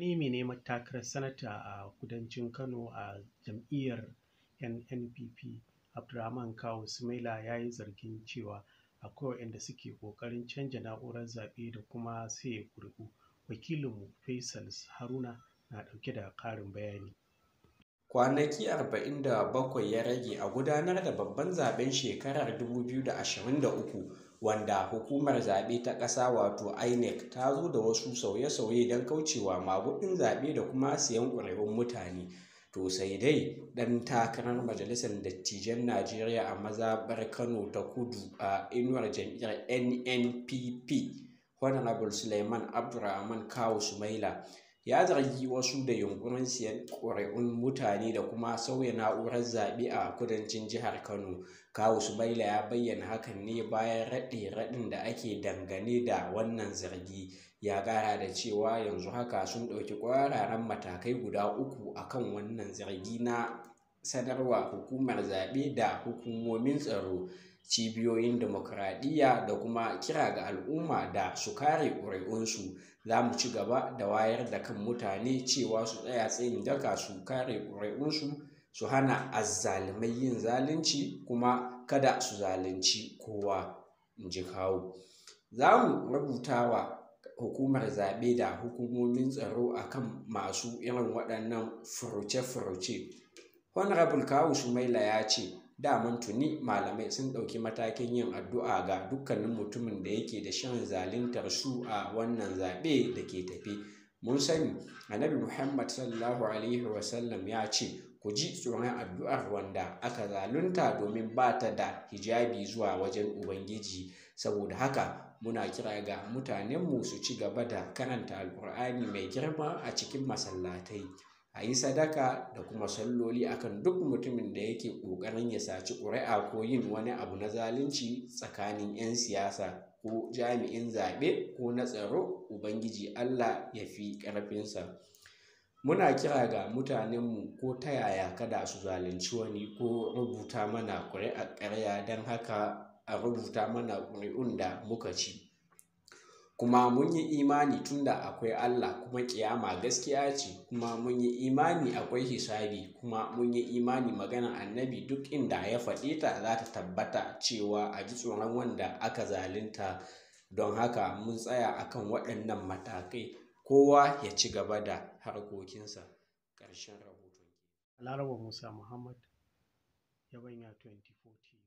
ni mai matakar sanata a kudancin kano a jam'iyyar nnpp abdulrahman kawu sumaila ya yi zargin cewa akwai waɗanda suke ƙoƙarin canja na'urar zaɓe da kuma sai wakilin wakilinmu faisal haruna na ɗauke da ƙarin bayani kwanaki 47 ya rage a gudanar da babban zaɓen shekarar uku. wanda hukumar zaɓe ta ƙasa wato inec ta zo da wasu sauye-sauye don kaucewa magudin zaɓe da kuma siyan ƙwararrun mutane to sai dai ɗan takarar majalisar dattijan najeriya a mazaɓar kano ta kudu a inuwar jam'iyyar nnpp honorable suleiman abdulrahman kawu sumaila ya zargi wasu da yunkurin siyan ƙuri'un mutane da kuma sauya na'urar zaɓe a kudancin jihar kano kawu subaila ya bayyana hakan ne bayan raɗe raɗin da ake dangane da wannan zargi ya ƙara da cewa yanzu haka sun ɗauki ƙwararren matakai guda uku akan wannan zargi na sanarwa hukumar zaɓe da hukumomin tsaro cibiyoyin demokuraɗiyya da kuma kira ga al'umma da su kare ƙuri'unsu za mu ci gaba da wayar da kan mutane cewa su tsaya tsayin daka su kare ƙuri'unsu su hana azzalumai yin zalunci kuma kada su zalunci kowa in ji kawo za mu rubuta wa hukumar zaɓe da hukumomin tsaro akan masu irin waɗannan furuce-furuce honorable kawu sumaila ya ce daman tuni malamai sun ɗauki matakin yin addu'a ga dukkanin mutumin da yake da shan zalintar su a wannan zaɓe da ke tafi. mun sani annabi muhammad sallallahu alaihi wasallam ya ce ku ji tsoron addu'ar wanda aka zalunta domin ba ta da hijabi zuwa wajen ubangiji saboda haka muna kira ga mutanenmu su ci gaba da karanta alkur'ani mai girma a cikin masallatai a yi sadaka da kuma salloli akan duk mutumin da yake ƙoƙarin ya saci ƙuri'a ko yin wani abu na zalunci tsakanin 'yan siyasa ko jami'in zaɓe ko na tsaro ubangiji allah ya fi ƙarfinsa muna kira ga mutanenmu ko ta yaya kada su zalunci wani ko rubuta mana ƙuri'a ƙarya don haka a rubuta mana ƙuri'un da muka ci kuma mun yi imani tunda akwai Allah kuma kiyama gaskiya ce kuma mun yi imani akwai hisabi kuma mun yi imani magana annabi duk inda ya faɗi ta za ta tabbata cewa a ji tsoron wanda aka zalunta don haka mun tsaya akan waɗannan matakai kowa ya ci gaba da harkokinsa ƙarshen rahoton Laraba Musa Muhammad Yabanya 2014